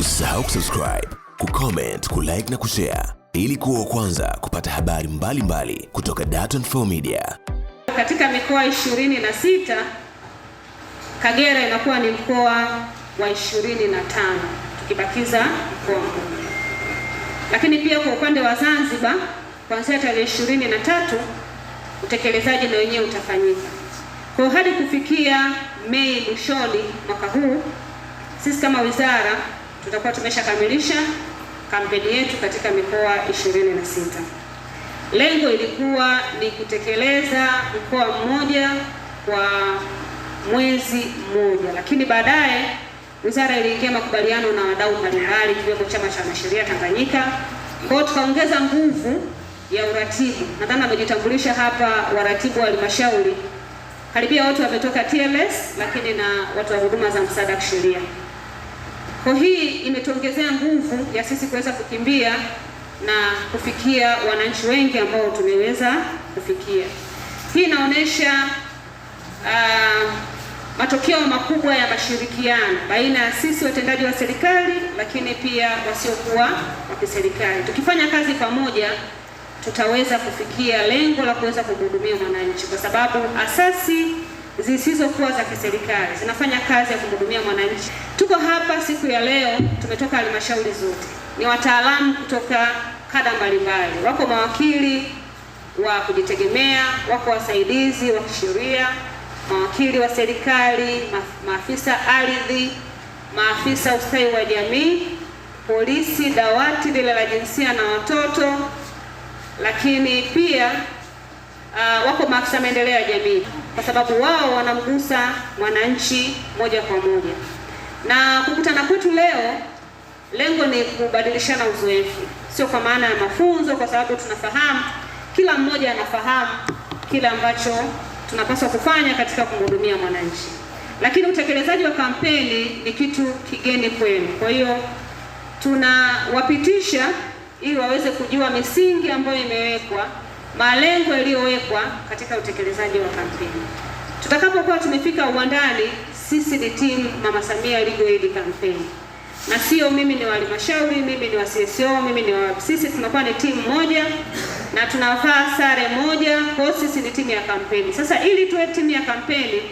Usisahau kusubscribe, kucomment, kulike na kushare ili kuwa kwanza kupata habari mbalimbali mbali kutoka Dar24 Media. Katika mikoa 26 Kagera inakuwa ni mkoa wa 25 tukibakiza mkoa Lakini pia kwa upande wa Zanzibar kuanzia tarehe 23 utekelezaji na wenyewe utafanyika. Kwa hadi kufikia Mei mwishoni mwaka huu sisi kama wizara tutakuwa tumeshakamilisha kampeni yetu katika mikoa 26. Lengo ilikuwa ni kutekeleza mkoa mmoja kwa mwezi mmoja, lakini baadaye wizara iliingia makubaliano na wadau mbalimbali ikiwemo Chama cha Wanasheria Tanganyika. Kwa hiyo tukaongeza nguvu ya uratibu. Nadhani amejitambulisha hapa waratibu wa halmashauri, karibia wote wametoka TLS, lakini na watu wa huduma za msaada wa kisheria. Kwa hii imetuongezea nguvu ya sisi kuweza kukimbia na kufikia wananchi wengi ambao tumeweza kufikia. Hii inaonyesha uh, um, matokeo makubwa ya mashirikiano baina ya sisi watendaji wa serikali, lakini pia wasiokuwa wa kiserikali. Tukifanya kazi pamoja, tutaweza kufikia lengo la kuweza kumhudumia mwananchi, kwa sababu asasi zisizokuwa za kiserikali zinafanya kazi ya kumhudumia mwananchi. Tuko hapa siku ya leo, tumetoka halmashauri zote, ni wataalamu kutoka kada mbalimbali, wako mawakili wa kujitegemea, wako wasaidizi wa kisheria, mawakili wa serikali, maafisa ardhi, maafisa ustawi wa jamii, polisi, dawati lile la jinsia na watoto, lakini pia uh, wako maafisa maendeleo ya jamii, kwa sababu wao wanamgusa mwananchi moja kwa moja. Na kukutana kwetu leo, lengo ni kubadilishana uzoefu, sio kwa maana ya mafunzo, kwa sababu tunafahamu, kila mmoja anafahamu kile ambacho tunapaswa kufanya katika kumhudumia mwananchi, lakini utekelezaji wa kampeni ni kitu kigeni kwenu. Kwa hiyo tunawapitisha ili waweze kujua misingi ambayo imewekwa malengo yaliyowekwa katika utekelezaji wa kampeni. Tutakapokuwa tumefika uwandani, sisi ni timu Mama Samia Legal Aid Campaign, na sio mimi ni wa mimi ni wa CSO, mimi ni wa sisi, tunakuwa ni timu moja na tunavaa sare moja, kwa sisi ni timu ya kampeni. Sasa ili tuwe timu ya kampeni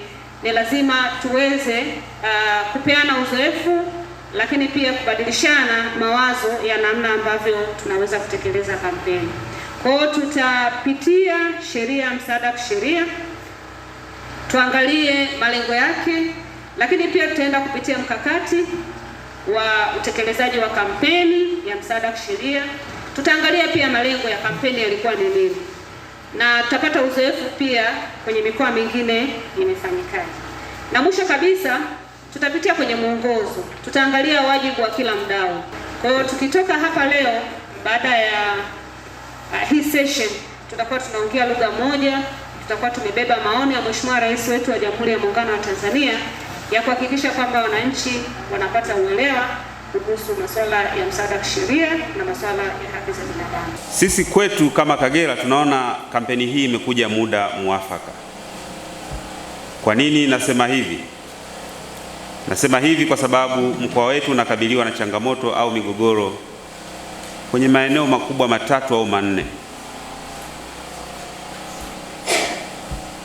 ni lazima tuweze uh, kupeana uzoefu lakini pia kubadilishana mawazo ya namna ambavyo tunaweza kutekeleza kampeni. Kwa hiyo tutapitia sheria ya msaada wa kisheria tuangalie malengo yake, lakini pia tutaenda kupitia mkakati wa utekelezaji wa kampeni ya msaada wa kisheria. Tutaangalia pia malengo ya kampeni yalikuwa ni nini, na tutapata uzoefu pia kwenye mikoa mingine imefanyikaje, na mwisho kabisa tutapitia kwenye mwongozo, tutaangalia wajibu wa kila mdau. Kwa hiyo tukitoka hapa leo baada ya Uh, hii session tutakuwa tunaongea lugha moja, tutakuwa tumebeba maoni ya Mheshimiwa Rais wetu wa Jamhuri ya Muungano wa Tanzania ya kuhakikisha kwamba wananchi wanapata uelewa kuhusu masuala ya msaada wa kisheria na masuala ya haki za binadamu. Sisi kwetu kama Kagera tunaona kampeni hii imekuja muda mwafaka. Kwa nini nasema hivi? Nasema hivi kwa sababu mkoa wetu unakabiliwa na changamoto au migogoro kwenye maeneo makubwa matatu au manne.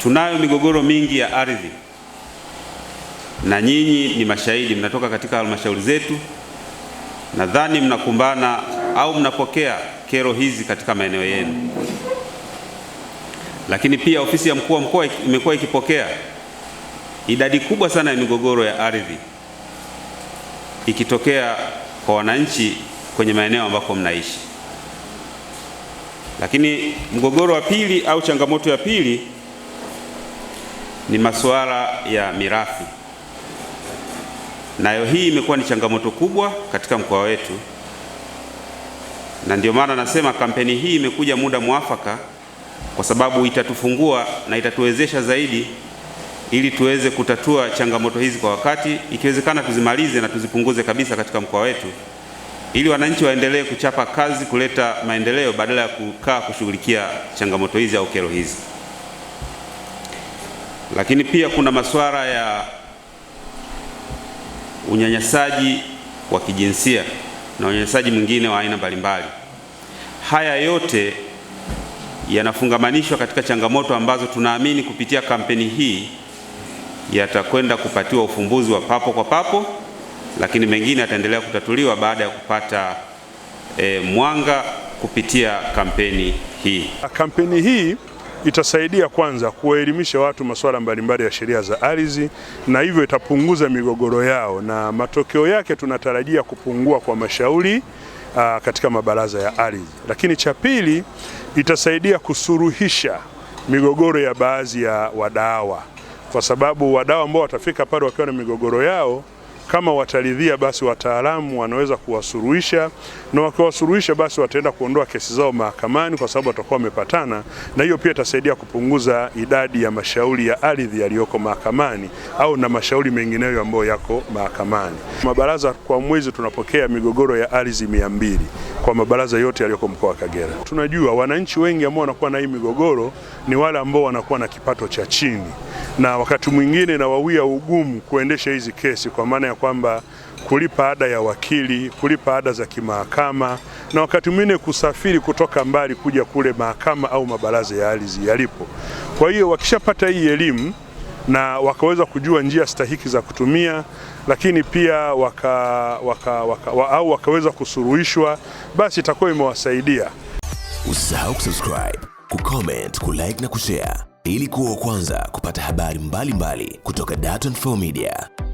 Tunayo migogoro mingi ya ardhi na nyinyi ni mashahidi, mnatoka katika halmashauri zetu, nadhani mnakumbana au mnapokea kero hizi katika maeneo yenu. Lakini pia ofisi ya mkuu wa mkoa imekuwa ikipokea idadi kubwa sana ya migogoro ya ardhi ikitokea kwa wananchi kwenye maeneo ambako mnaishi. Lakini mgogoro wa pili au changamoto ya pili ni masuala ya mirathi. Nayo hii imekuwa ni changamoto kubwa katika mkoa wetu, na ndio maana nasema kampeni hii imekuja muda mwafaka, kwa sababu itatufungua na itatuwezesha zaidi ili tuweze kutatua changamoto hizi kwa wakati, ikiwezekana tuzimalize na tuzipunguze kabisa katika mkoa wetu ili wananchi waendelee kuchapa kazi kuleta maendeleo badala ya kukaa kushughulikia changamoto hizi au kero hizi. Lakini pia kuna masuala ya unyanyasaji wa kijinsia na unyanyasaji mwingine wa aina mbalimbali. Haya yote yanafungamanishwa katika changamoto ambazo tunaamini kupitia kampeni hii yatakwenda kupatiwa ufumbuzi wa papo kwa papo lakini mengine yataendelea kutatuliwa baada ya kupata e, mwanga kupitia kampeni hii. Kampeni hii itasaidia kwanza kuwaelimisha watu masuala mbalimbali ya sheria za ardhi, na hivyo itapunguza migogoro yao, na matokeo yake tunatarajia kupungua kwa mashauri aa, katika mabaraza ya ardhi. Lakini cha pili, itasaidia kusuruhisha migogoro ya baadhi ya wadawa, kwa sababu wadawa ambao watafika pale wakiwa na migogoro yao kama wataridhia, basi wataalamu wanaweza kuwasuluhisha, na wakiwasuluhisha, basi wataenda kuondoa kesi zao mahakamani, kwa sababu watakuwa wamepatana, na hiyo pia itasaidia kupunguza idadi ya mashauri ya ardhi yaliyoko mahakamani au na mashauri mengineyo ambayo yako mahakamani. Mabaraza kwa mwezi tunapokea migogoro ya ardhi mia mbili kwa mabaraza yote yaliyoko mkoa wa Kagera. Tunajua wananchi wengi ambao wanakuwa na hii migogoro ni wale ambao wanakuwa na kipato cha chini, na wakati mwingine nawawia ugumu kuendesha hizi kesi, kwa maana ya kwamba kulipa ada ya wakili, kulipa ada za kimahakama, na wakati mwingine kusafiri kutoka mbali kuja kule mahakama au mabaraza ya ardhi yalipo. Kwa hiyo wakishapata hii elimu na wakaweza kujua njia stahiki za kutumia, lakini pia waka, waka, waka, wa, au wakaweza kusuruhishwa, basi itakuwa imewasaidia. Usisahau kusubscribe, kucomment, kulike na kushare ili kuwa wa kwanza kupata habari mbalimbali mbali kutoka Dar24 Media.